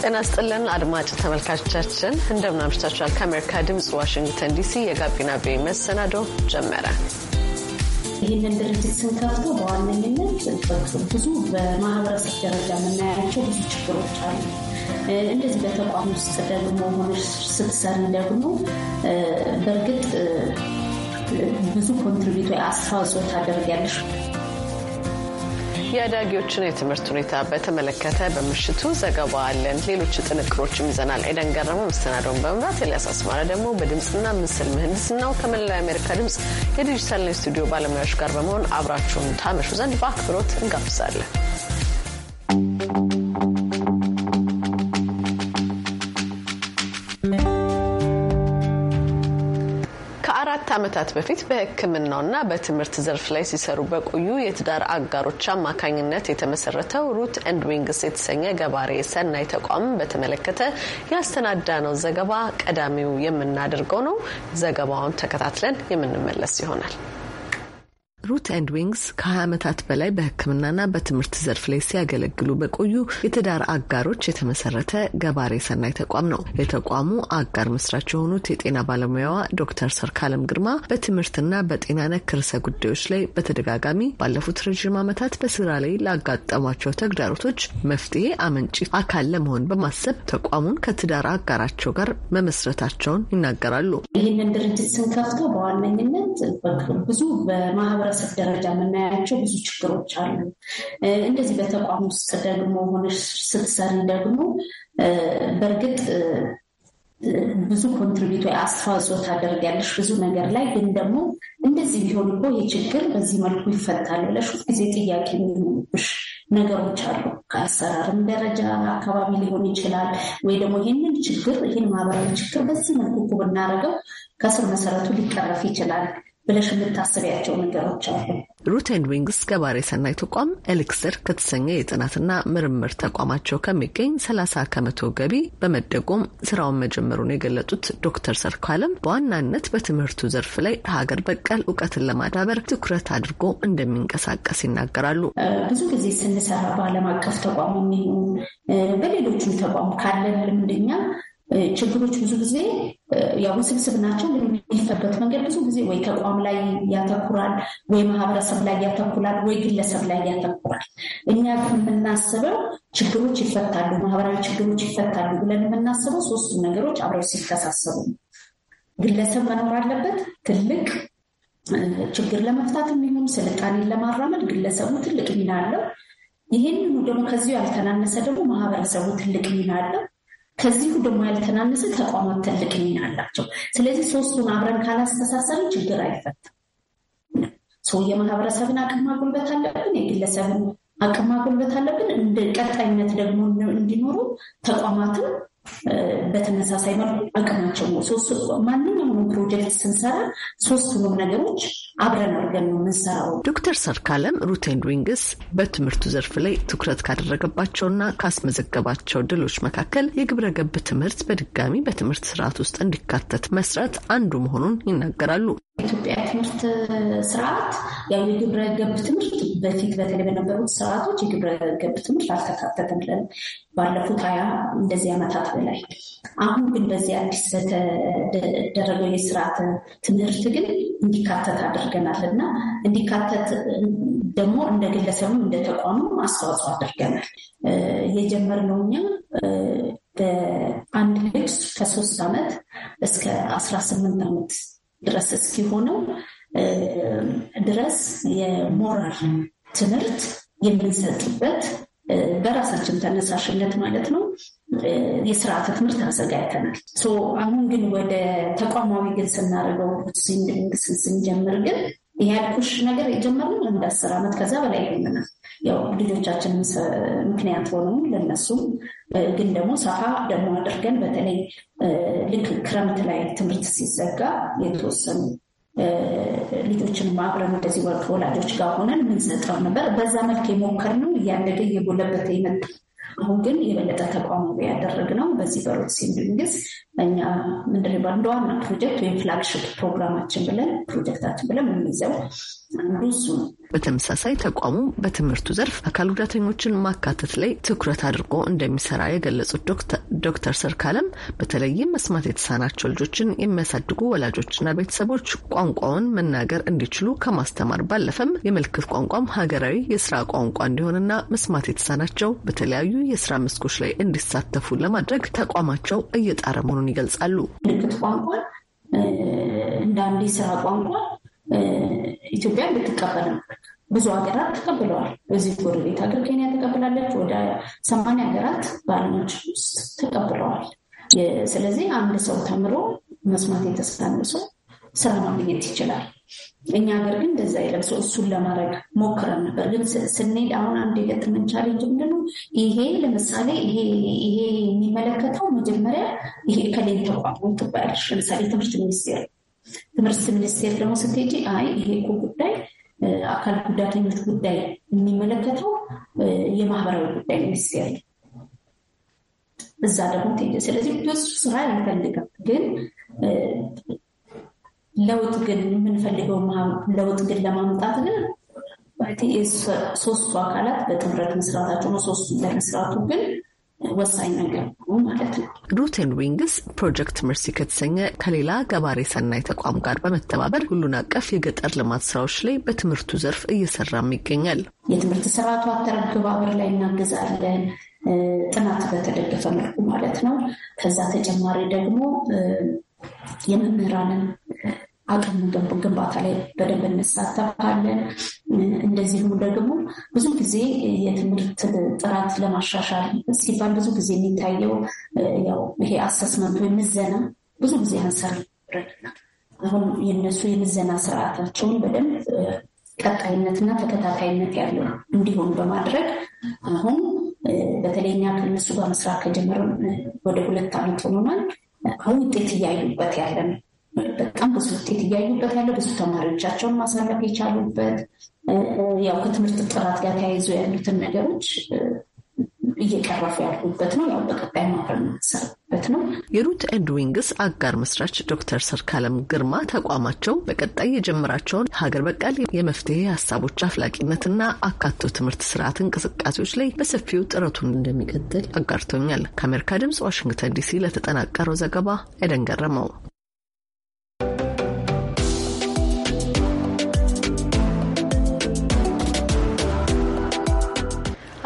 ጤና ይስጥልን አድማጭ ተመልካቾቻችን፣ እንደምናምሽታችኋል። ከአሜሪካ ድምፅ ዋሽንግተን ዲሲ የጋቢና ቤ መሰናዶ ጀመረ። ይህንን ድርጅት ስንከፍቶ በዋነኝነት ብዙ በማህበረሰብ ደረጃ የምናያቸው ብዙ ችግሮች አሉ። እንደዚህ በተቋም ውስጥ ደግሞ ሆነሽ ስትሰሪ ደግሞ በእርግጥ ብዙ ኮንትሪቢዩት አስተዋጽኦ ታደርጊያለሽ የአዳጊዎችን የትምህርት ሁኔታ በተመለከተ በምሽቱ ዘገባ አለን። ሌሎች ጥንቅሮችም ይዘናል። ኤደን ገረመ መስተናዶውን በመምራት ኤልያስ አስማረ ደግሞ በድምፅና ምስል ምህንድስናው ከመላው የአሜሪካ ድምፅ የዲጂታል ስቱዲዮ ባለሙያዎች ጋር በመሆን አብራችሁን ታመሹ ዘንድ በአክብሮት እንጋብዛለን። ዓመታት በፊት በሕክምናውና በትምህርት ዘርፍ ላይ ሲሰሩ በቆዩ የትዳር አጋሮች አማካኝነት የተመሰረተው ሩት ኤንድ ዊንግስ የተሰኘ ገባሬ ሰናይ ተቋም በተመለከተ ያስተናዳ ነው ዘገባ ቀዳሚው የምናደርገው ነው። ዘገባውን ተከታትለን የምንመለስ ይሆናል። ሩት ኤንድ ዊንግስ ከ20 ዓመታት በላይ በሕክምናና በትምህርት ዘርፍ ላይ ሲያገለግሉ በቆዩ የትዳር አጋሮች የተመሰረተ ገባሬ ሰናይ ተቋም ነው። የተቋሙ አጋር መስራች የሆኑት የጤና ባለሙያዋ ዶክተር ሰርካለም ግርማ በትምህርትና በጤና ነክ ርዕሰ ጉዳዮች ላይ በተደጋጋሚ ባለፉት ረዥም ዓመታት በስራ ላይ ላጋጠሟቸው ተግዳሮቶች መፍትሄ አመንጪ አካል ለመሆን በማሰብ ተቋሙን ከትዳር አጋራቸው ጋር መመስረታቸውን ይናገራሉ። ይህንን ድርጅት ስንከፍተው በዋነኝነት ብዙ በማህበረሰ በህብረተሰብ ደረጃ የምናያቸው ብዙ ችግሮች አሉ። እንደዚህ በተቋም ውስጥ ደግሞ ሆነሽ ስትሰሪ ደግሞ በእርግጥ ብዙ ኮንትሪቢቱ አስተዋጽኦ ታደርጊያለሽ ብዙ ነገር ላይ ግን ደግሞ እንደዚህ ቢሆን እኮ ይህ ችግር በዚህ መልኩ ይፈታል ብለሽ ጊዜ ጥያቄ የሚሆኑብሽ ነገሮች አሉ። ከአሰራርም ደረጃ አካባቢ ሊሆን ይችላል ወይ ደግሞ ይህንን ችግር ይህን ማህበራዊ ችግር በዚህ መልኩ ብናደርገው ከስር መሰረቱ ሊቀረፍ ይችላል ብለሽ የምታስቢያቸው ነገሮች አሉ። ሩት ዊንግስ ገባሬ ሰናይ ተቋም ኤልክስር ከተሰኘ የጥናትና ምርምር ተቋማቸው ከሚገኝ 30 ከመቶ ገቢ በመደጎም ስራውን መጀመሩን የገለጹት ዶክተር ሰርካለም በዋናነት በትምህርቱ ዘርፍ ላይ ሀገር በቀል እውቀትን ለማዳበር ትኩረት አድርጎ እንደሚንቀሳቀስ ይናገራሉ። ብዙ ጊዜ ስንሰራ በዓለም አቀፍ ተቋም የሚሆን በሌሎችም ተቋም ካለን ልምደኛ ችግሮች ብዙ ጊዜ ያው ውስብስብ ናቸው። የሚፈበት መንገድ ብዙ ጊዜ ወይ ተቋም ላይ ያተኩራል፣ ወይ ማህበረሰብ ላይ ያተኩራል፣ ወይ ግለሰብ ላይ ያተኩራል። እኛ የምናስበው ችግሮች ይፈታሉ፣ ማህበራዊ ችግሮች ይፈታሉ ብለን የምናስበው ሶስቱም ነገሮች አብረው ሲከሳሰቡ ነው። ግለሰብ መኖር አለበት። ትልቅ ችግር ለመፍታት የሚሆን ስልጣኔን ለማራመድ ግለሰቡ ትልቅ ሚና አለው። ይህንኑ ደግሞ ከዚሁ ያልተናነሰ ደግሞ ማህበረሰቡ ትልቅ ሚና አለው። ከዚሁ ደግሞ ያልተናነሰ ተቋማት ትልቅ ሚና አላቸው። ስለዚህ ሶስቱን አብረን ካላስተሳሰርን ችግር አይፈታም። ሰው የማህበረሰብን አቅም ማጎልበት አለብን፣ የግለሰብን አቅም ማጎልበት አለብን። እንደ ቀጣይነት ደግሞ እንዲኖሩ ተቋማትን በተመሳሳይ መልኩ አቅማቸው ነው። ማንኛውንም ፕሮጀክት ስንሰራ ሶስቱንም ነገሮች አብረን አድርገን ነው የምንሰራው። ዶክተር ሰርካለም ሩቴን ሪንግስ በትምህርቱ ዘርፍ ላይ ትኩረት ካደረገባቸውና ካስመዘገባቸው ድሎች መካከል የግብረ ገብ ትምህርት በድጋሚ በትምህርት ስርዓት ውስጥ እንዲካተት መስራት አንዱ መሆኑን ይናገራሉ። የኢትዮጵያ ትምህርት ስርዓት ያው የግብረ ገብ ትምህርት በፊት በተለይ በነበሩት ስርዓቶች የግብረ ገብ ትምህርት አልተካተተም ባለፉት ሀያ እንደዚህ ዓመታት በላይ። አሁን ግን በዚህ አዲስ በተደረገው የስርዓት ትምህርት ግን እንዲካተት አድርገናል እና እንዲካተት ደግሞ እንደ ግለሰብም እንደ ተቋሙም አስተዋጽኦ አድርገናል። የጀመርነው እኛ በአንድ ልጅ ከሶስት ዓመት እስከ አስራ ስምንት ዓመት ድረስ እስኪሆነው ድረስ የሞራል ትምህርት የምንሰጥበት በራሳችን ተነሳሽነት ማለት ነው። የስርዓተ ትምህርት አዘጋጅተናል። አሁን ግን ወደ ተቋማዊ ግን ስናደርገው ሲንግ ስንጀምር ግን ያልኩሽ ነገር የጀመርነው እንደ አስር ዓመት ከዛ በላይ ይሆንናል። ያው ልጆቻችን ምክንያት ሆኑ ለነሱም፣ ግን ደግሞ ሰፋ ደግሞ አድርገን በተለይ ልክ ክረምት ላይ ትምህርት ሲዘጋ የተወሰኑ ልጆችን አብረን እንደዚህ ወላጆች ጋር ሆነን የምንሰጠው ነበር። በዛ መልክ የሞከርነው እያደገ እየጎለበተ ይመጣል። አሁን ግን የበለጠ ተቋማዊ ያደረግነው በዚህ በሮት ሲንግስ እኛ ምንድን ነው እንደ ዋና ፕሮጀክት ወይም ፍላግሽፕ ፕሮግራማችን ብለን ፕሮጀክታችን ብለን የምንይዘው አንዱ እሱ ነው። በተመሳሳይ ተቋሙ በትምህርቱ ዘርፍ አካል ጉዳተኞችን ማካተት ላይ ትኩረት አድርጎ እንደሚሰራ የገለጹት ዶክተር ሰርካለም በተለይም መስማት የተሳናቸው ልጆችን የሚያሳድጉ ወላጆችና ቤተሰቦች ቋንቋውን መናገር እንዲችሉ ከማስተማር ባለፈም የምልክት ቋንቋም ሀገራዊ የስራ ቋንቋ እንዲሆንና መስማት የተሳናቸው በተለያዩ የስራ መስኮች ላይ እንዲሳተፉ ለማድረግ ተቋማቸው እየጣረ መሆኑን መሆኑን ይገልጻሉ። ምልክት ቋንቋ እንደ አንድ ስራ ቋንቋ ኢትዮጵያ ብትቀበል ነበር። ብዙ ሀገራት ተቀብለዋል። በዚህ ጎረቤት ሀገር ኬንያ ተቀብላለች። ወደ ሰማንያ ሀገራት በዓለማችን ውስጥ ተቀብለዋል። ስለዚህ አንድ ሰው ተምሮ መስማት የተሳነው ሰው ስራ ማግኘት ይችላል። እኛ ሀገር ግን እንደዛ የለም። ሰው እሱን ለማድረግ ሞክረን ነበር፣ ግን ስንሄድ አሁን አንድ የገጠመን ቻሌንጅ ምንድን ነው? ይሄ ለምሳሌ ይሄ የሚመለከተው መጀመሪያ ይሄ ከሌን ተቋም ትባያለሽ። ለምሳሌ ትምህርት ሚኒስቴር ትምህርት ሚኒስቴር ደግሞ ስትሄጂ አይ ይሄ እኮ ጉዳይ አካል ጉዳተኞች ጉዳይ የሚመለከተው የማህበራዊ ጉዳይ ሚኒስቴር እዛ ደግሞ ስለዚህ ብዙ ስራ አይፈልግም ግን ለውጥ ግን የምንፈልገው ለውጥ ግን ለማምጣት ግን ሶስቱ አካላት በጥምረት መስራታቸው ነው። ሶስቱ ለመስራቱ ግን ወሳኝ ነገር ነው ማለት ነው። ሩትን ዊንግስ ፕሮጀክት መርሲ ከተሰኘ ከሌላ ገባሬ ሰናይ ተቋም ጋር በመተባበር ሁሉን አቀፍ የገጠር ልማት ስራዎች ላይ በትምህርቱ ዘርፍ እየሰራም ይገኛል። የትምህርት ስርዓቱ አተገባበር ላይ እናገዛለን፣ ጥናት በተደገፈ መልኩ ማለት ነው። ከዛ ተጨማሪ ደግሞ የመምህራንን አቅም ግንባታ ላይ በደንብ እንሳተፋለን። እንደዚሁ ደግሞ ብዙ ጊዜ የትምህርት ጥራት ለማሻሻል ሲባል ብዙ ጊዜ የሚታየው ይሄ አሰስመንቱ የምዘና ብዙ ጊዜ አንሰርምና አሁን የነሱ የምዘና ስርዓታቸውን በደንብ ቀጣይነትና ተከታታይነት ያለው እንዲሆኑ በማድረግ አሁን በተለይ እኛ ከነሱ ጋር መስራት ከጀመረ ወደ ሁለት ዓመት ሆኖናል። አሁን ውጤት እያዩበት ያለ ነው። በጣም ብዙ ውጤት እያዩበት ያለ ብዙ ተማሪዎቻቸውን ማሳለፍ የቻሉበት ያው ከትምህርት ጥራት ጋር ተያይዞ ያሉትን ነገሮች እየቀረፉ ያሉበት ነው። ያው በቀጣይ ማብረን ሰራ ያለበት ነው። የሩት ኤንድ ዊንግስ አጋር መስራች ዶክተር ሰርካለም ግርማ ተቋማቸው በቀጣይ የጀመራቸውን ሀገር በቀል የመፍትሄ ሀሳቦች አፍላቂነትና አካቶ ትምህርት ስርዓት እንቅስቃሴዎች ላይ በሰፊው ጥረቱን እንደሚቀጥል አጋርቶኛል። ከአሜሪካ ድምጽ ዋሽንግተን ዲሲ ለተጠናቀረው ዘገባ አይደን ገረመው።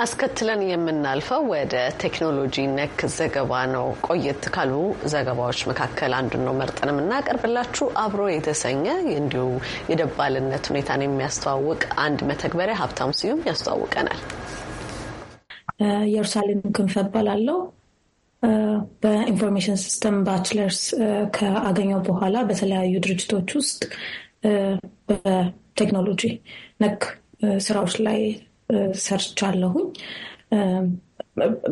አስከትለን የምናልፈው ወደ ቴክኖሎጂ ነክ ዘገባ ነው። ቆየት ካሉ ዘገባዎች መካከል አንዱ ነው መርጠን የምናቀርብላችሁ። አብሮ የተሰኘ እንዲሁ የደባልነት ሁኔታን የሚያስተዋውቅ አንድ መተግበሪያ ሀብታሙ ስዩም ያስተዋውቀናል። ኢየሩሳሌም ክንፈ እባላለሁ። በኢንፎርሜሽን ሲስተም ባችለርስ ከአገኘው በኋላ በተለያዩ ድርጅቶች ውስጥ በቴክኖሎጂ ነክ ስራዎች ላይ ሰርቻለሁኝ።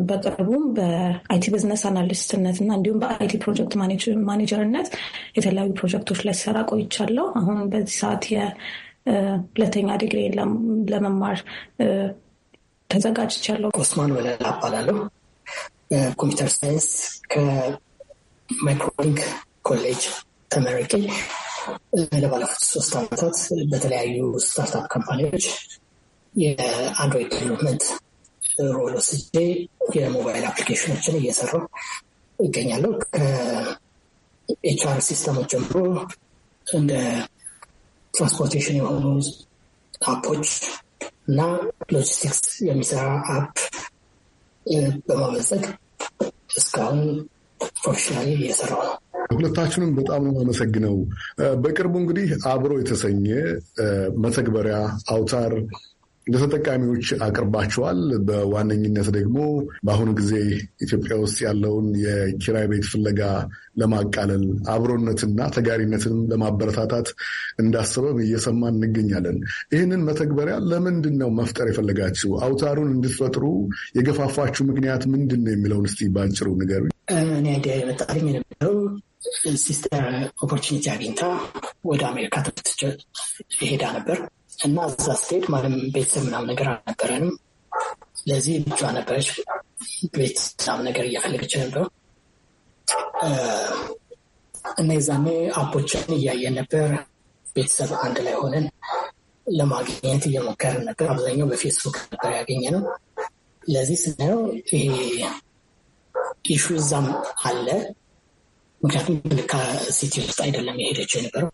በቅርቡም በአይቲ ቢዝነስ አናሊስትነት እና እንዲሁም በአይቲ ፕሮጀክት ማኔጀርነት የተለያዩ ፕሮጀክቶች ላይ ሰራ ቆይቻለሁ። አሁን በዚህ ሰዓት የሁለተኛ ዲግሪ ለመማር ተዘጋጅቻለሁ። ኦስማን ወለላ እባላለሁ። በኮምፒውተር ሳይንስ ከማይክሮሊንክ ኮሌጅ ተመርቄ ለባለፉት ሶስት ዓመታት በተለያዩ ስታርታፕ ካምፓኒዎች የአንድሮይድ ዲቨሎፕመንት ሮል ወስጄ የሞባይል አፕሊኬሽኖችን እየሰራሁ ይገኛለሁ። ከኤችአር ሲስተሞች ጀምሮ እንደ ትራንስፖርቴሽን የሆኑ አፖች እና ሎጂስቲክስ የሚሰራ አፕ በማመዘግ እስካሁን ፕሮፌሽናል እየሰራው ነው። ሁለታችንም በጣም ነው የማመሰግነው። በቅርቡ እንግዲህ አብሮ የተሰኘ መተግበሪያ አውታር ለተጠቃሚዎች አቅርባቸዋል። በዋነኝነት ደግሞ በአሁኑ ጊዜ ኢትዮጵያ ውስጥ ያለውን የኪራይ ቤት ፍለጋ ለማቃለል አብሮነትና ተጋሪነትን ለማበረታታት እንዳሰበም እየሰማን እንገኛለን። ይህንን መተግበሪያ ለምንድን ነው መፍጠር የፈለጋችሁ? አውታሩን እንድትፈጥሩ የገፋፋችሁ ምክንያት ምንድን ነው የሚለውን እስቲ ባጭሩ ንገሩ። እኔ አይዲያ የመጣልኝ የነበረው ሲስተር ኦፖርቹኒቲ አግኝታ ወደ አሜሪካ ትምህርት ሄዳ ነበር እና እዛ ስትሄድ ማለም ቤተሰብ ምናምን ነገር አልነበረንም። ለዚህ ልጇ ነበረች ቤት ምናምን ነገር እያፈለገች ነበር እና የዛኔ አቦችን እያየን ነበር። ቤተሰብ አንድ ላይ ሆነን ለማግኘት እየሞከርን ነበር። አብዛኛው በፌስቡክ ነበር ያገኘ ነው። ለዚህ ስናየው ይሄ ኢሹ እዛም አለ። ምክንያቱም ልካ ሲቲ ውስጥ አይደለም የሄደችው የነበረው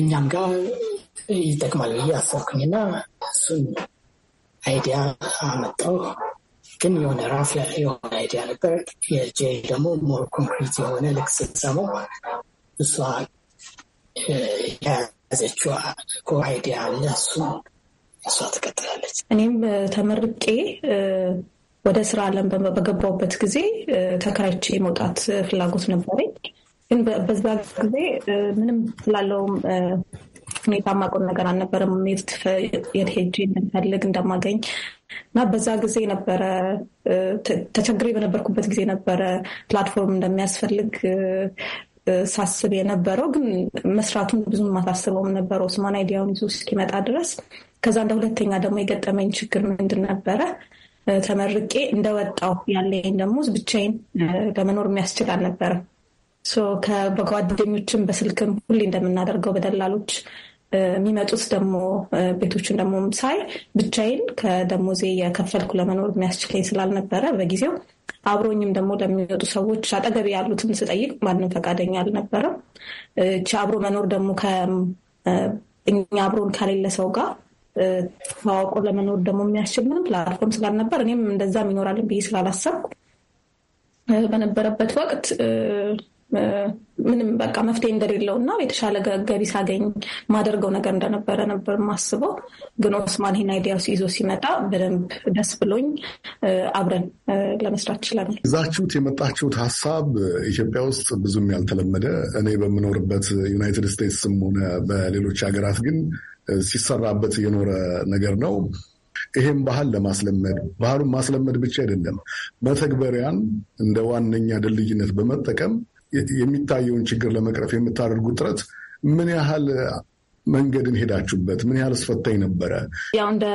እኛም ጋር ይጠቅማል ብዬ አሰብኩኝና እሱን አይዲያ አመጣው። ግን የሆነ ራፍ የሆነ አይዲያ ነበር። የጄ ደግሞ ሞር ኮንክሪት የሆነ ልክ ስትሰማው እሷ የያዘችው እኮ አይዲያ አለ እሱን እሷ ትቀጥላለች። እኔም ተመርቄ ወደ ስራ አለም በገባውበት ጊዜ ተከራይቼ መውጣት ፍላጎት ነበረኝ። ግን በዛ ጊዜ ምንም ስላለውም ሁኔታ ማቆን ነገር አልነበረም። ሜፍት የት ሄጄ እንደማገኝ እና በዛ ጊዜ ነበረ ተቸግሬ በነበርኩበት ጊዜ ነበረ ፕላትፎርም እንደሚያስፈልግ ሳስብ የነበረው ግን መስራቱን ብዙም ማሳስበውም ነበረው ስማን አይዲያውን ይዞ እስኪመጣ ድረስ። ከዛ እንደ ሁለተኛ ደግሞ የገጠመኝ ችግር ምንድን ነበረ? ተመርቄ እንደወጣው ያለኝ ደግሞ ብቻዬን ለመኖር የሚያስችል አልነበረም። ከጓደኞችን በስልክም ሁሌ እንደምናደርገው በደላሎች የሚመጡት ደግሞ ቤቶችን ደግሞ ሳይ ብቻዬን ከደሞዜ የከፈልኩ ለመኖር የሚያስችለኝ ስላልነበረ በጊዜው አብሮኝም ደግሞ ለሚወጡ ሰዎች አጠገቤ ያሉትን ስጠይቅ ማንም ፈቃደኛ አልነበረም። እቺ አብሮ መኖር ደግሞ እኛ አብሮን ከሌለ ሰው ጋር ተዋውቆ ለመኖር ደግሞ የሚያስችል ምንም ፕላትፎርም ስላልነበር እኔም እንደዛም ይኖራልን ብዬ ስላላሰብኩ በነበረበት ወቅት ምንም በቃ መፍትሄ እንደሌለው እና የተሻለ ገቢ ሳገኝ ማደርገው ነገር እንደነበረ ነበር ማስበው። ግን ኦስማን ይህን አይዲያ ይዞ ሲመጣ በደንብ ደስ ብሎኝ አብረን ለመስራት ችለናል። ይዛችሁት የመጣችሁት ሀሳብ ኢትዮጵያ ውስጥ ብዙም ያልተለመደ እኔ በምኖርበት ዩናይትድ ስቴትስም ሆነ በሌሎች ሀገራት ግን ሲሰራበት የኖረ ነገር ነው። ይሄን ባህል ለማስለመድ ባህሉን ማስለመድ ብቻ አይደለም፣ መተግበሪያን እንደ ዋነኛ ድልድይነት በመጠቀም የሚታየውን ችግር ለመቅረፍ የምታደርጉት ጥረት ምን ያህል መንገድን ሄዳችሁበት? ምን ያህል አስፈታኝ ነበረ? ያው እንደ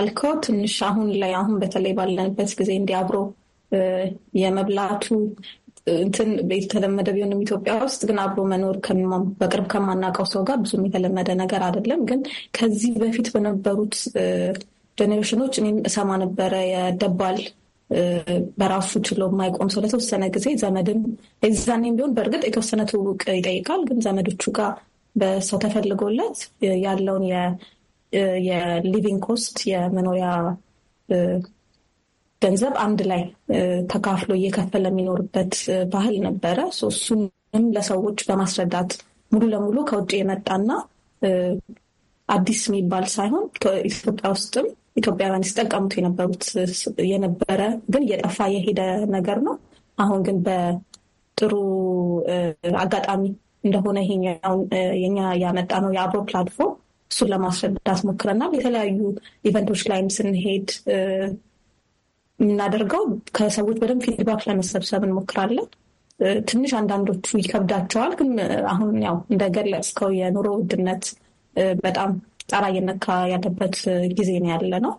አልከው ትንሽ አሁን ላይ አሁን በተለይ ባለንበት ጊዜ እንዲህ አብሮ የመብላቱ እንትን የተለመደ ቢሆንም ኢትዮጵያ ውስጥ ግን አብሮ መኖር በቅርብ ከማናውቀው ሰው ጋር ብዙም የተለመደ ነገር አይደለም። ግን ከዚህ በፊት በነበሩት ጀኔሬሽኖች እኔም እሰማ ነበረ የደባል በራሱ ችሎ የማይቆም ሰው ለተወሰነ ጊዜ ዘመድም የዛኔም ቢሆን በእርግጥ የተወሰነ ትውውቅ ይጠይቃል። ግን ዘመዶቹ ጋር በሰው ተፈልጎለት ያለውን የሊቪንግ ኮስት የመኖሪያ ገንዘብ አንድ ላይ ተካፍሎ እየከፈለ የሚኖርበት ባህል ነበረ። እሱንም ለሰዎች በማስረዳት ሙሉ ለሙሉ ከውጭ የመጣና አዲስ የሚባል ሳይሆን ኢትዮጵያ ውስጥም ኢትዮጵያውያን ሲጠቀሙት የነበሩት የነበረ ግን እየጠፋ የሄደ ነገር ነው። አሁን ግን በጥሩ አጋጣሚ እንደሆነ ኛ የኛ ያመጣ ነው የአብሮ ፕላትፎርም እሱን ለማስረዳት ሞክረናል። የተለያዩ ኢቨንቶች ላይም ስንሄድ የምናደርገው ከሰዎች በደንብ ፊድባክ ለመሰብሰብ እንሞክራለን። ትንሽ አንዳንዶቹ ይከብዳቸዋል። ግን አሁን ያው እንደገለጽከው የኑሮ ውድነት በጣም ጣራ እየነካ ያለበት ጊዜ ነው ያለ ነው።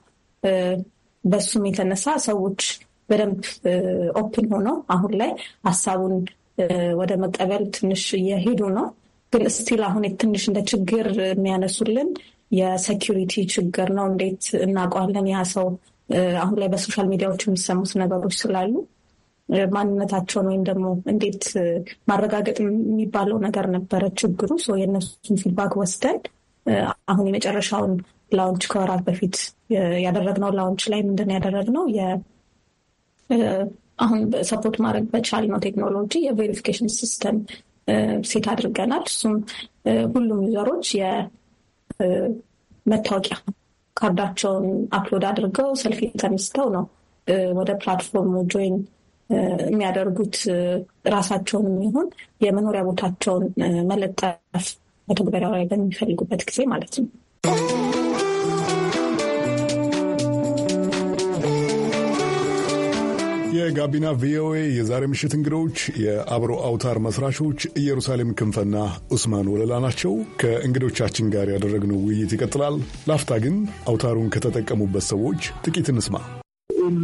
በሱም የተነሳ ሰዎች በደንብ ኦፕን ሆነው አሁን ላይ ሀሳቡን ወደ መቀበል ትንሽ እየሄዱ ነው። ግን እስቲል አሁን ትንሽ እንደ ችግር የሚያነሱልን የሴኪሪቲ ችግር ነው። እንዴት እናውቀዋለን ያ ሰው አሁን ላይ በሶሻል ሚዲያዎች የሚሰሙት ነገሮች ስላሉ ማንነታቸውን ወይም ደግሞ እንዴት ማረጋገጥ የሚባለው ነገር ነበረ ችግሩ። የእነሱን ፊድባክ ወስደን አሁን የመጨረሻውን ላውንች ከወራት በፊት ያደረግነው ላውንች ላይ ምንድን ያደረግነው አሁን ሰፖርት ማድረግ በቻልነው ቴክኖሎጂ የቬሪፊኬሽን ሲስተም ሴት አድርገናል። እሱም ሁሉም ዩዘሮች የመታወቂያ ካርዳቸውን አፕሎድ አድርገው ሰልፊ ተነስተው ነው ወደ ፕላትፎርሙ ጆይን የሚያደርጉት። ራሳቸውንም ይሁን የመኖሪያ ቦታቸውን መለጠፍ መተግበሪያው ላይ በሚፈልጉበት ጊዜ ማለት ነው። የጋቢና ቪኦኤ የዛሬ ምሽት እንግዶች የአብሮ አውታር መስራቾች ኢየሩሳሌም ክንፈና ኡስማን ወለላ ናቸው። ከእንግዶቻችን ጋር ያደረግነው ውይይት ይቀጥላል። ላፍታ ግን አውታሩን ከተጠቀሙበት ሰዎች ጥቂት እንስማ። Um,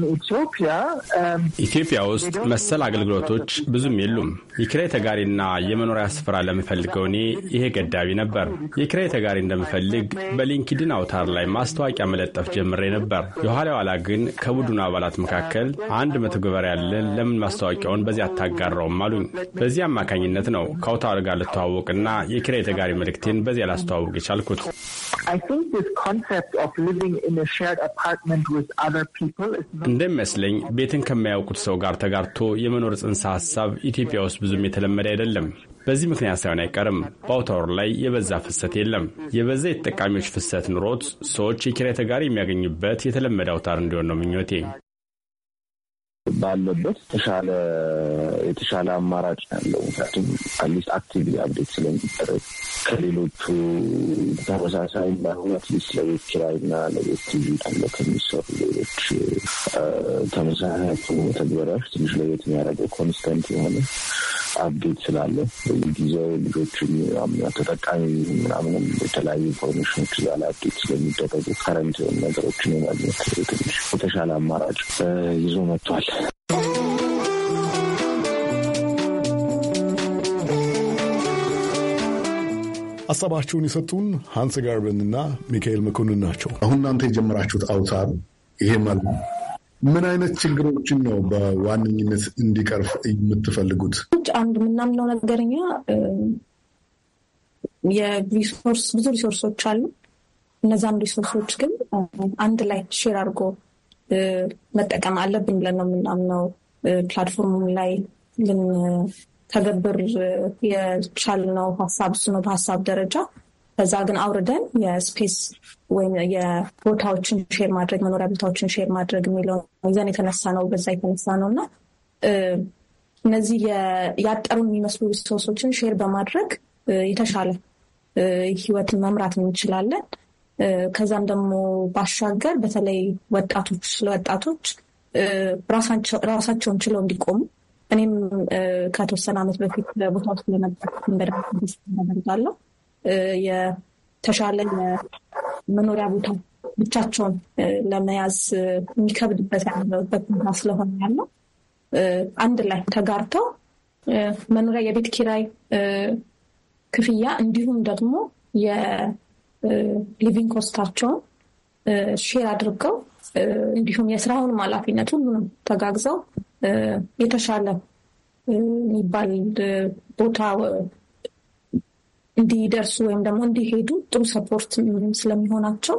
ኢትዮጵያ ውስጥ መሰል አገልግሎቶች ብዙም የሉም። የኪራይ ተጋሪና የመኖሪያ ስፍራ ለምፈልገው እኔ ይሄ ገዳቢ ነበር። የኪራይ ተጋሪ እንደምፈልግ በሊንክድን አውታር ላይ ማስታወቂያ መለጠፍ ጀምሬ ነበር። የኋላ ኋላ ግን ከቡድኑ አባላት መካከል አንድ መተግበሪያ ያለን ለምን ማስታወቂያውን በዚህ አታጋራውም አሉኝ። በዚህ አማካኝነት ነው ከአውታር ጋር ልተዋወቅና የኪራይ ተጋሪ መልእክቴን በዚያ ላስተዋውቅ የቻልኩት። እንደሚመስለኝ ቤትን ከማያውቁት ሰው ጋር ተጋርቶ የመኖር ጽንሰ ሀሳብ ኢትዮጵያ ውስጥ ብዙም የተለመደ አይደለም። በዚህ ምክንያት ሳይሆን አይቀርም በአውታወር ላይ የበዛ ፍሰት የለም። የበዛ የተጠቃሚዎች ፍሰት ኑሮት ሰዎች የኪራይ ተጋሪ የሚያገኙበት የተለመደ አውታር እንዲሆን ነው ምኞቴ። ባለበት ተሻለ የተሻለ አማራጭ ያለው ምክንያቱም አትሊስት አክቲቭ አብዴት ስለሚደረግ ከሌሎቹ ተመሳሳይ ባይሆኑ አትሊስት ለቤት ኪራይና ለቤት ቲቪ ተብለው ከሚሰሩ ሌሎች ተመሳሳይ ተግበሪያዎች ትንሽ ለቤት የሚያደርገው ኮንስተንት የሆነ አብዴት ስላለ ጊዜው ልጆች ተጠቃሚ ምናምንም የተለያዩ ኢንፎርሜሽኖች ዛለ አብዴት ስለሚደረጉ ከረንት ነገሮችን የማግኘት ትንሽ የተሻለ አማራጭ ይዞ መጥቷል። ሀሳባቸውን የሰጡን ሀንስ ጋርበን እና ሚካኤል መኮንን ናቸው። አሁን እናንተ የጀመራችሁት አውታር ይሄ መላ ምን አይነት ችግሮችን ነው በዋነኝነት እንዲቀርፍ የምትፈልጉት? አንድ የምናምነው ነገርኛ የሪሶርስ ብዙ ሪሶርሶች አሉ። እነዛን ሪሶርሶች ግን አንድ ላይ ሼር አድርጎ መጠቀም አለብን ብለን ነው የምናምነው። ፕላትፎርሙም ላይ ልንተገብር የቻልነው ሀሳብ እሱ ነው በሀሳብ ደረጃ። ከዛ ግን አውርደን የስፔስ ወይም የቦታዎችን ሼር ማድረግ መኖሪያ ቦታዎችን ሼር ማድረግ የሚለው ይዘን የተነሳ ነው በዛ የተነሳ ነው እና እነዚህ ያጠሩ የሚመስሉ ሪሶርሶችን ሼር በማድረግ የተሻለ ህይወትን መምራት እንችላለን። ከዛም ደግሞ ባሻገር በተለይ ወጣቶች ስለወጣቶች ራሳቸውን ችለው እንዲቆሙ እኔም ከተወሰነ ዓመት በፊት በቦታ ውስጥ ለመጣት በደስ የተሻለ ቦታ ብቻቸውን ለመያዝ የሚከብድበት ያለበት ቦታ ስለሆነ ያለው አንድ ላይ ተጋርተው መኖሪያ የቤት ኪራይ ክፍያ እንዲሁም ደግሞ ሊቪንግ ኮስታቸውን ሼር አድርገው እንዲሁም የስራውንም ኃላፊነት ሁሉንም ተጋግዘው የተሻለ የሚባል ቦታ እንዲደርሱ ወይም ደግሞ እንዲሄዱ ጥሩ ሰፖርት ስለሚሆናቸው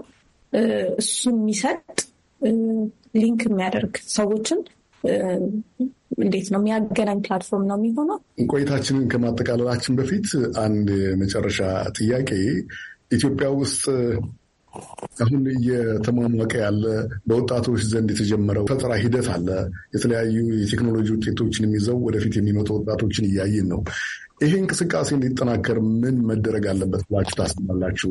እሱን የሚሰጥ ሊንክ የሚያደርግ ሰዎችን እንዴት ነው የሚያገናኝ ፕላትፎርም ነው የሚሆነው። ቆይታችንን ከማጠቃለላችን በፊት አንድ የመጨረሻ ጥያቄ ኢትዮጵያ ውስጥ አሁን እየተሟሟቀ ያለ በወጣቶች ዘንድ የተጀመረው ፈጠራ ሂደት አለ። የተለያዩ የቴክኖሎጂ ውጤቶችን የሚይዘው ወደፊት የሚመጡ ወጣቶችን እያየን ነው። ይሄ እንቅስቃሴ እንዲጠናከር ምን መደረግ አለበት ብላችሁ ታስባላችሁ?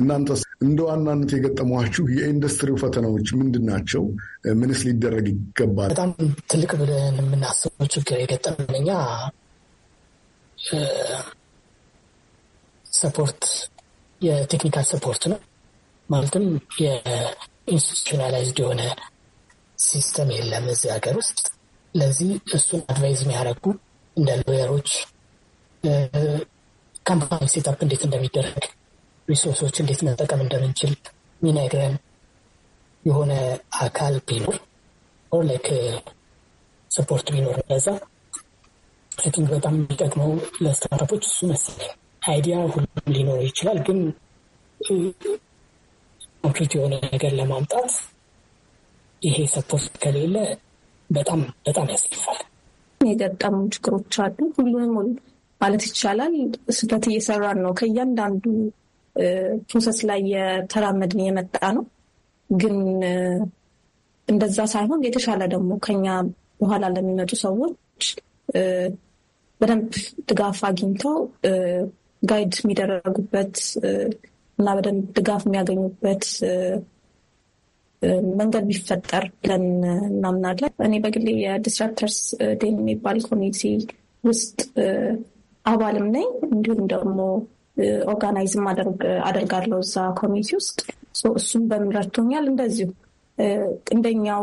እናንተስ እንደ ዋናነት የገጠሟችሁ የኢንዱስትሪው ፈተናዎች ምንድን ናቸው? ምንስ ሊደረግ ይገባል? በጣም ትልቅ ብለን የምናስበው ችግር የገጠመን እኛ ሰፖርት የቴክኒካል ሰፖርት ነው። ማለትም የኢንስቲቱሽናላይዝድ የሆነ ሲስተም የለም እዚህ ሀገር ውስጥ። ለዚህ እሱን አድቫይዝ የሚያደርጉ እንደ ሎየሮች ካምፓኒ ሴታፕ እንዴት እንደሚደረግ ሪሶርሶች እንዴት መጠቀም እንደምንችል ሚነግረን የሆነ አካል ቢኖር ኦር ላይክ ሰፖርት ቢኖር እንደዛ አይ ቲንክ በጣም የሚጠቅመው ለስታርታፖች እሱ መሰለኝ። አይዲያ ሁሉም ሊኖር ይችላል። ግን ኮንክሪት የሆነ ነገር ለማምጣት ይሄ ሰፖርት ከሌለ በጣም በጣም ያስፋል። የገጠሙ ችግሮች አሉ። ሁሉንም ማለት ይቻላል ስህተት እየሰራን ነው። ከእያንዳንዱ ፕሮሰስ ላይ የተራመድን የመጣ ነው። ግን እንደዛ ሳይሆን የተሻለ ደግሞ ከኛ በኋላ ለሚመጡ ሰዎች በደንብ ድጋፍ አግኝተው ጋይድ የሚደረጉበት እና በደንብ ድጋፍ የሚያገኙበት መንገድ ቢፈጠር ብለን እናምናለን። እኔ በግሌ የዲስራፕተርስ ዴን የሚባል ኮሚኒቲ ውስጥ አባልም ነኝ። እንዲሁም ደግሞ ኦርጋናይዝም አደርጋለሁ እዛ ኮሚኒቲ ውስጥ። እሱም በምን ረድቶኛል? እንደዚሁ እንደኛው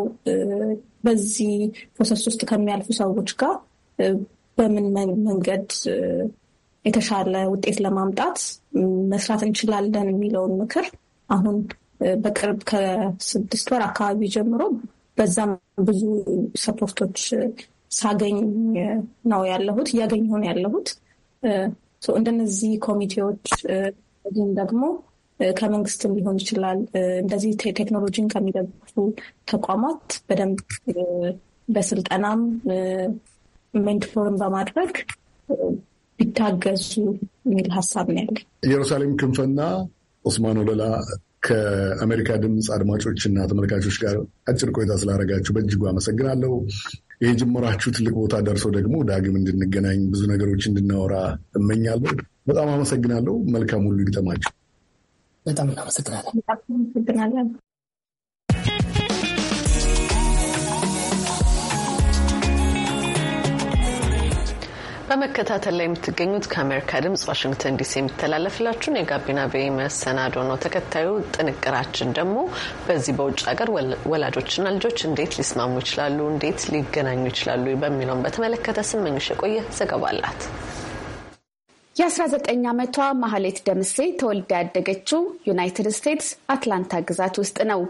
በዚህ ፕሮሰስ ውስጥ ከሚያልፉ ሰዎች ጋር በምን መንገድ የተሻለ ውጤት ለማምጣት መስራት እንችላለን የሚለውን ምክር አሁን በቅርብ ከስድስት ወር አካባቢ ጀምሮ በዛም ብዙ ሰፖርቶች ሳገኝ ነው ያለሁት እያገኝ ሆን ያለሁት እንደነዚህ ኮሚቴዎች ግን ደግሞ ከመንግስትም ሊሆን ይችላል እንደዚህ ቴክኖሎጂን ከሚደግፉ ተቋማት በደንብ በስልጠናም ሜንትፎርን በማድረግ ቢታገዙ የሚል ሀሳብ ነው ያለ። ኢየሩሳሌም ክንፈና ኦስማን ወደላ ከአሜሪካ ድምፅ አድማጮች እና ተመልካቾች ጋር አጭር ቆይታ ስላደረጋችሁ በእጅጉ አመሰግናለሁ። ይህ ጅምራችሁ ትልቅ ቦታ ደርሶ ደግሞ ዳግም እንድንገናኝ ብዙ ነገሮች እንድናወራ እመኛለሁ። በጣም አመሰግናለሁ። መልካም ሁሉ ይግጠማችሁ። በጣም እናመሰግናለን። በመከታተል ላይ የምትገኙት ከአሜሪካ ድምጽ ዋሽንግተን ዲሲ የሚተላለፍላችሁን የጋቢና ቤ መሰናዶ ነው። ተከታዩ ጥንቅራችን ደግሞ በዚህ በውጭ ሀገር ወላጆችና ልጆች እንዴት ሊስማሙ ይችላሉ፣ እንዴት ሊገናኙ ይችላሉ በሚለውን በተመለከተ ስመኝሽ የቆየ ዘገባ አላት። የ19 ዓመቷ ማህሌት ደምሴ ተወልዳ ያደገችው ዩናይትድ ስቴትስ አትላንታ ግዛት ውስጥ ነው።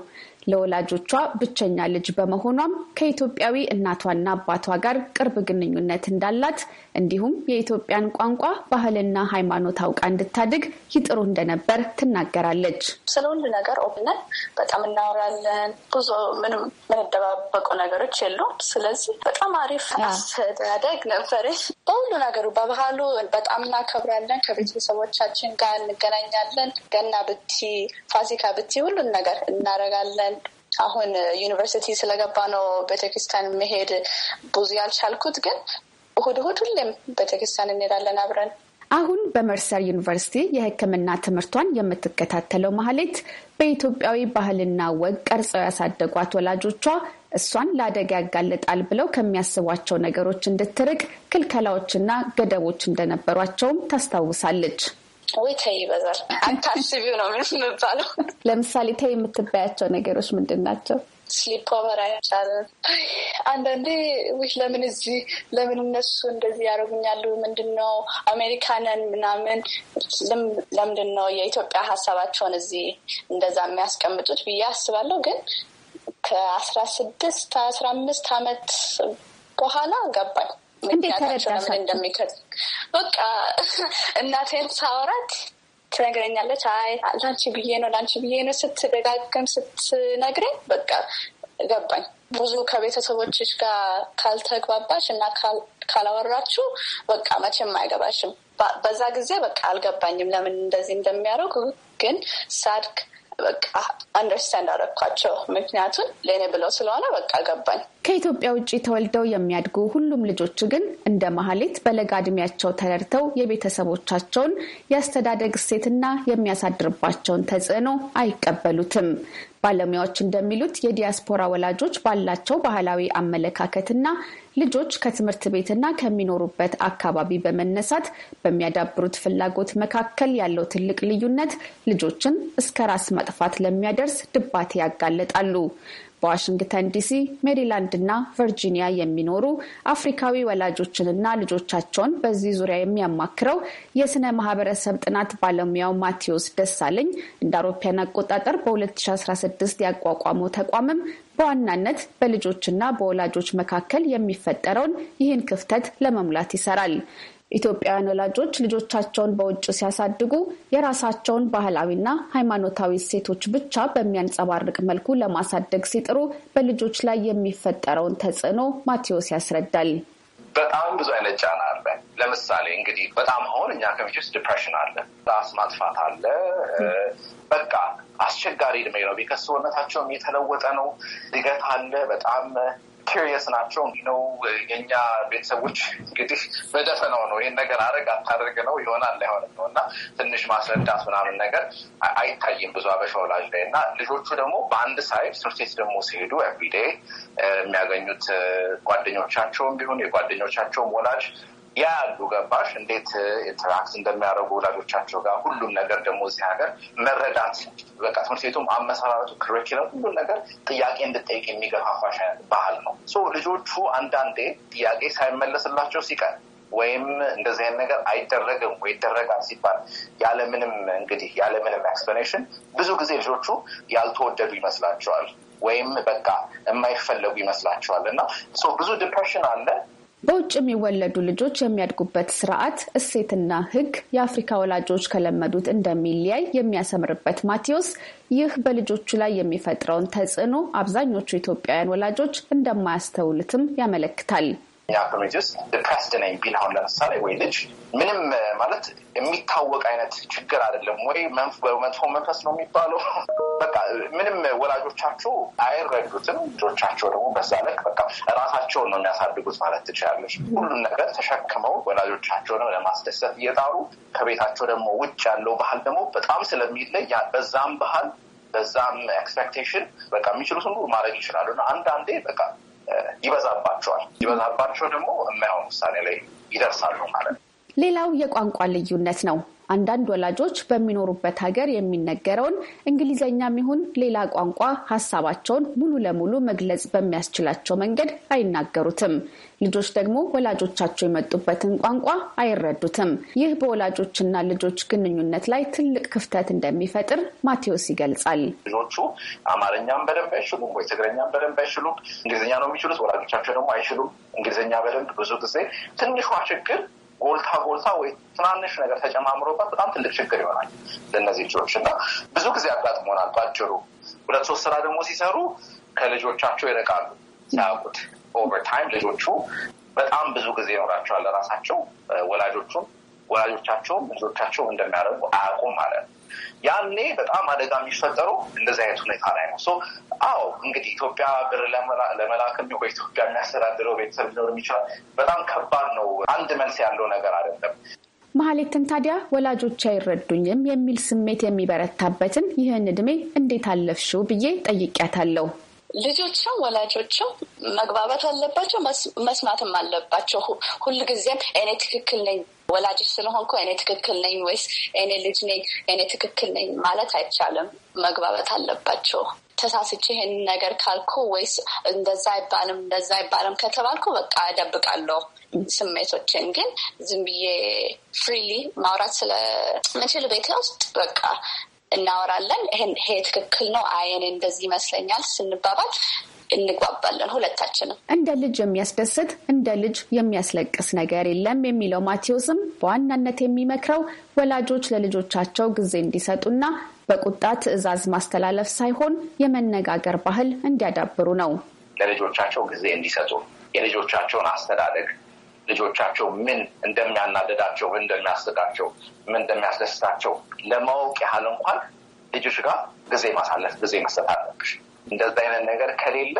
ለወላጆቿ ብቸኛ ልጅ በመሆኗም ከኢትዮጵያዊ እናቷና አባቷ ጋር ቅርብ ግንኙነት እንዳላት እንዲሁም የኢትዮጵያን ቋንቋ ባህልና ሃይማኖት አውቃ እንድታድግ ይጥሩ እንደነበር ትናገራለች። ስለ ሁሉ ነገር ኦብነን በጣም እናወራለን። ብዙ ምንም የምንደባበቁ ነገሮች የሉም። ስለዚህ በጣም አሪፍ አስተዳደግ ነበር። በሁሉ ነገሩ በባህሉ በጣም እናከብራለን። ከቤተሰቦቻችን ጋር እንገናኛለን። ገና ብቲ፣ ፋሲካ ብቲ ሁሉን ነገር እናደርጋለን። አሁን ዩኒቨርሲቲ ስለገባ ነው ቤተክርስቲያን መሄድ ብዙ ያልቻልኩት፣ ግን እሁድ እሁድ ሁሌም ቤተክርስቲያን እንሄዳለን አብረን። አሁን በመርሰር ዩኒቨርሲቲ የሕክምና ትምህርቷን የምትከታተለው ማህሌት በኢትዮጵያዊ ባህልና ወግ ቀርጸው ያሳደጓት ወላጆቿ እሷን ለአደጋ ያጋልጣል ብለው ከሚያስቧቸው ነገሮች እንድትርቅ ክልከላዎችና ገደቦች እንደነበሯቸውም ታስታውሳለች። ወይ ተይ ይበዛል አታስቢው ነው ምን የምባለው። ለምሳሌ ተይ የምትባያቸው ነገሮች ምንድን ናቸው? ስሊፕ ኦቨር አይቻልም። አንዳንዴ ውሽ ለምን እዚህ ለምን እነሱ እንደዚህ ያደርጉኛሉ? ምንድን ነው አሜሪካንን ምናምን ለምንድን ነው የኢትዮጵያ ሀሳባቸውን እዚህ እንደዛ የሚያስቀምጡት ብዬ አስባለሁ። ግን ከአስራ ስድስት አስራ አምስት አመት በኋላ ገባኝ ምክንያታቸው እንደሚከት በቃ እናቴን ሳወራት ትነግረኛለች። አይ ላንቺ ብዬ ነው ላንቺ ብዬ ነው ስትደጋግም ስትነግረኝ በቃ ገባኝ። ብዙ ከቤተሰቦችሽ ጋር ካልተግባባሽ እና ካላወራችሁ በቃ መቼም አይገባሽም። በዛ ጊዜ በቃ አልገባኝም ለምን እንደዚህ እንደሚያደርጉ ግን ሳድግ በቃ አንደርስታንድ አረግኳቸው ምክንያቱን ለእኔ ብለው ስለሆነ በቃ ገባኝ። ከኢትዮጵያ ውጭ ተወልደው የሚያድጉ ሁሉም ልጆች ግን እንደ መሀሌት በለጋ እድሜያቸው ተረድተው የቤተሰቦቻቸውን የአስተዳደግ እሴትና የሚያሳድርባቸውን ተጽዕኖ አይቀበሉትም። ባለሙያዎች እንደሚሉት የዲያስፖራ ወላጆች ባላቸው ባህላዊ አመለካከትና ልጆች ከትምህርት ቤትና ከሚኖሩበት አካባቢ በመነሳት በሚያዳብሩት ፍላጎት መካከል ያለው ትልቅ ልዩነት ልጆችን እስከ ራስ መጥፋት ለሚያደርስ ድባቴ ያጋለጣሉ። በዋሽንግተን ዲሲ፣ ሜሪላንድ እና ቨርጂኒያ የሚኖሩ አፍሪካዊ ወላጆችንና ልጆቻቸውን በዚህ ዙሪያ የሚያማክረው የስነ ማህበረሰብ ጥናት ባለሙያው ማቴዎስ ደሳለኝ እንደ አውሮፓያን አቆጣጠር በ2016 ያቋቋመው ተቋምም በዋናነት በልጆችና በወላጆች መካከል የሚፈጠረውን ይህን ክፍተት ለመሙላት ይሰራል። ኢትዮጵያውያን ወላጆች ልጆቻቸውን በውጭ ሲያሳድጉ የራሳቸውን ባህላዊና ሃይማኖታዊ እሴቶች ብቻ በሚያንጸባርቅ መልኩ ለማሳደግ ሲጥሩ በልጆች ላይ የሚፈጠረውን ተጽዕኖ ማቴዎስ ያስረዳል። በጣም ብዙ አይነት ጫና አለ። ለምሳሌ እንግዲህ በጣም አሁን እኛ ከፊት ውስጥ ዲፕሬሽን አለ፣ ራስ ማጥፋት አለ። በቃ አስቸጋሪ እድሜ ነው። ቤተሰብነታቸውም የተለወጠ ነው። ድገት አለ በጣም ኪሪየስ ናቸው እንዲነው የእኛ ቤተሰቦች እንግዲህ በደፈነው ነው ይህን ነገር አድርግ አታደርግ ነው ይሆናል ላይሆንም ነው እና ትንሽ ማስረዳት ምናምን ነገር አይታይም ብዙ አበሻ ወላጅ ላይ እና ልጆቹ ደግሞ በአንድ ሳይድ ትምህርት ቤት ደግሞ ሲሄዱ ኤቭሪዴ የሚያገኙት ጓደኞቻቸውም ቢሆን የጓደኞቻቸውም ወላጅ ያ አሉ ገባሽ እንዴት ኢንተራክት እንደሚያደርጉ ወላጆቻቸው ጋር ሁሉም ነገር ደግሞ እዚህ ሀገር መረዳት በቃ ትምህርት ቤቱም አመሰራረቱ ክሪኪለም ሁሉም ነገር ጥያቄ እንድጠይቅ የሚገፋፋሽ አይነት ባህል ነው። ልጆቹ አንዳንዴ ጥያቄ ሳይመለስላቸው ሲቀር ወይም እንደዚህ አይነት ነገር አይደረግም ወይ ይደረጋል ሲባል ያለምንም እንግዲህ ያለምንም ኤክስፕላኔሽን ብዙ ጊዜ ልጆቹ ያልተወደዱ ይመስላቸዋል ወይም በቃ የማይፈለጉ ይመስላቸዋል እና ብዙ ዲፕሬሽን አለ። በውጭ የሚወለዱ ልጆች የሚያድጉበት ስርዓት እሴትና ህግ የአፍሪካ ወላጆች ከለመዱት እንደሚለያይ የሚያሰምርበት ማቴዎስ ይህ በልጆቹ ላይ የሚፈጥረውን ተጽዕኖ አብዛኞቹ ኢትዮጵያውያን ወላጆች እንደማያስተውሉትም ያመለክታል። ያብሎጅስ ዲፕረስድ ነኝ ቢል አሁን ለምሳሌ ወይ ልጅ ምንም ማለት የሚታወቅ አይነት ችግር አይደለም ወይ መጥፎ መንፈስ ነው የሚባለው። በቃ ምንም ወላጆቻቸው አይረዱትም። ልጆቻቸው ደግሞ በዛ ልክ በቃ ራሳቸውን ነው የሚያሳድጉት ማለት ትችላለች። ሁሉም ነገር ተሸክመው ወላጆቻቸውን ለማስደሰት እየጣሩ ከቤታቸው ደግሞ ውጭ ያለው ባህል ደግሞ በጣም ስለሚለይ በዛም ባህል በዛም ኤክስፔክቴሽን በቃ የሚችሉት ሁሉ ማድረግ ይችላሉ አንዳንዴ በቃ ይበዛባቸዋል። ይበዛባቸው ደግሞ የማይሆን ውሳኔ ላይ ይደርሳሉ ማለት ነው። ሌላው የቋንቋ ልዩነት ነው። አንዳንድ ወላጆች በሚኖሩበት ሀገር የሚነገረውን እንግሊዘኛም ይሁን ሌላ ቋንቋ ሀሳባቸውን ሙሉ ለሙሉ መግለጽ በሚያስችላቸው መንገድ አይናገሩትም። ልጆች ደግሞ ወላጆቻቸው የመጡበትን ቋንቋ አይረዱትም። ይህ በወላጆችና ልጆች ግንኙነት ላይ ትልቅ ክፍተት እንደሚፈጥር ማቴዎስ ይገልጻል። ልጆቹ አማርኛም በደንብ አይችሉም ወይ ትግረኛም በደንብ አይችሉም። እንግሊዝኛ ነው የሚችሉት፣ ወላጆቻቸው ደግሞ አይችሉም እንግሊዝኛ በደንብ ብዙ ጊዜ ትንሿ ችግር ጎልታ ጎልታ ወይ ትናንሽ ነገር ተጨማምሮባት በጣም ትልቅ ችግር ይሆናል ለእነዚህ ልጆች እና ብዙ ጊዜ አጋጥሞናል። ባጭሩ ሁለት ሶስት ስራ ደግሞ ሲሰሩ ከልጆቻቸው ይርቃሉ ሳያውቁት። ኦቨርታይም ልጆቹ በጣም ብዙ ጊዜ ይኖራቸዋል ለራሳቸው። ወላጆቹን ወላጆቻቸውም ልጆቻቸውም እንደሚያደርጉ አያውቁም ማለት ነው። ያኔ በጣም አደጋ የሚፈጠረው እንደዚህ አይነት ሁኔታ ላይ ነው። አዎ እንግዲህ ኢትዮጵያ ብር ለመላክም ኢትዮጵያ የሚያስተዳድረው ቤተሰብ ሊኖር የሚችላል። በጣም ከባድ ነው። አንድ መልስ ያለው ነገር አይደለም። መሀሌትን ታዲያ ወላጆች አይረዱኝም የሚል ስሜት የሚበረታበትን ይህን እድሜ እንዴት አለፍሽው ብዬ ጠይቄያታለሁ። ልጆችም ወላጆችም መግባባት አለባቸው፣ መስማትም አለባቸው። ጊዜም እኔ ትክክል ነኝ ወላጆች ስለሆንኩ እኔ ትክክል ነኝ ወይስ እኔ ልጅ ነኝ እኔ ትክክል ነኝ ማለት አይቻልም። መግባባት አለባቸው። ተሳስቼ ይህን ነገር ካልኩ ወይስ እንደዛ አይባልም እንደዛ አይባልም ከተባልኩ በቃ እደብቃለሁ ስሜቶችን። ግን ዝም ብዬ ፍሪሊ ማውራት ስለምችል ቤቴ ውስጥ በቃ እናወራለን። ይህን ይሄ ትክክል ነው አይን እንደዚህ ይመስለኛል ስንባባል እንግባባለን ሁለታችንም። እንደ ልጅ የሚያስደስት እንደ ልጅ የሚያስለቅስ ነገር የለም የሚለው ማቴዎስም በዋናነት የሚመክረው ወላጆች ለልጆቻቸው ጊዜ እንዲሰጡና በቁጣ ትዕዛዝ ማስተላለፍ ሳይሆን የመነጋገር ባህል እንዲያዳብሩ ነው። ለልጆቻቸው ጊዜ እንዲሰጡ የልጆቻቸውን አስተዳደግ ልጆቻቸው ምን እንደሚያናደዳቸው፣ ምን እንደሚያስጋቸው ምን እንደሚያስደስታቸው ለማወቅ ያህል እንኳን ልጆች ጋር ጊዜ ማሳለፍ ጊዜ መስጠት አለብሽ። እንደዚ አይነት ነገር ከሌለ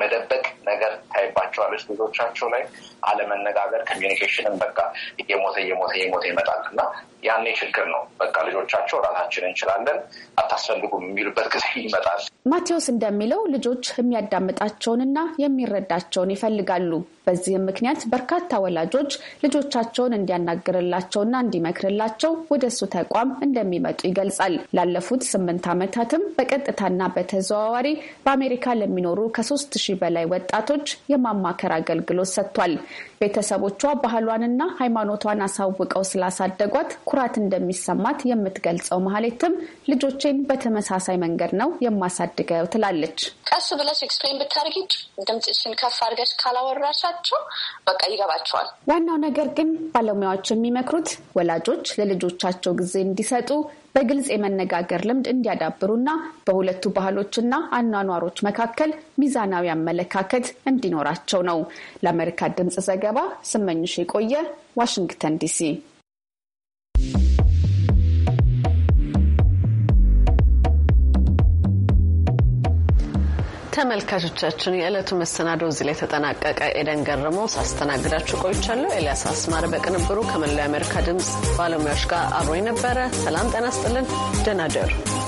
መደበቅ ነገር ታይባቸዋለች ልጆቻቸው ላይ አለመነጋገር፣ ኮሚኒኬሽንን በቃ እየሞተ እየሞተ እየሞተ ይመጣል እና ያኔ ችግር ነው። በቃ ልጆቻቸው ራሳችን እንችላለን አታስፈልጉም የሚሉበት ጊዜ ይመጣል። ማቴዎስ እንደሚለው ልጆች የሚያዳምጣቸውንና የሚረዳቸውን ይፈልጋሉ። በዚህም ምክንያት በርካታ ወላጆች ልጆቻቸውን እንዲያናግርላቸውና እንዲመክርላቸው ወደ እሱ ተቋም እንደሚመጡ ይገልጻል። ላለፉት ስምንት ዓመታትም በቀጥታና በተዘዋዋሪ በአሜሪካ ለሚኖሩ ከሶስት ሺህ በላይ ወጣቶች የማማከር አገልግሎት ሰጥቷል። ቤተሰቦቿ ባህሏንና ሃይማኖቷን አሳውቀው ስላሳደጓት ኩራት እንደሚሰማት የምትገልጸው መሀሌትም ልጆቼን በተመሳሳይ መንገድ ነው የማሳድገው ትላለች። ቀስ ብለሽ ኤክስፕሌን ብታደርጊ ድምፅሽን ከፍ አድርገሽ ካላወራሻት ካላቸው በቃ ይገባቸዋል። ዋናው ነገር ግን ባለሙያዎች የሚመክሩት ወላጆች ለልጆቻቸው ጊዜ እንዲሰጡ በግልጽ የመነጋገር ልምድ እንዲያዳብሩና በሁለቱ ባህሎችና አኗኗሮች መካከል ሚዛናዊ አመለካከት እንዲኖራቸው ነው። ለአሜሪካ ድምፅ ዘገባ ስመኝሽ የቆየ ዋሽንግተን ዲሲ። ተመልካቾቻችን የዕለቱ መሰናዶ እዚህ ላይ ተጠናቀቀ። ኤደን ገረመው ሳስተናግዳችሁ ቆይቻለሁ። ኤልያስ አስማር በቅንብሩ ከመላው የአሜሪካ ድምፅ ባለሙያዎች ጋር አብሮ የነበረ። ሰላም ጤና ስጥልን። ደህና ደሩ።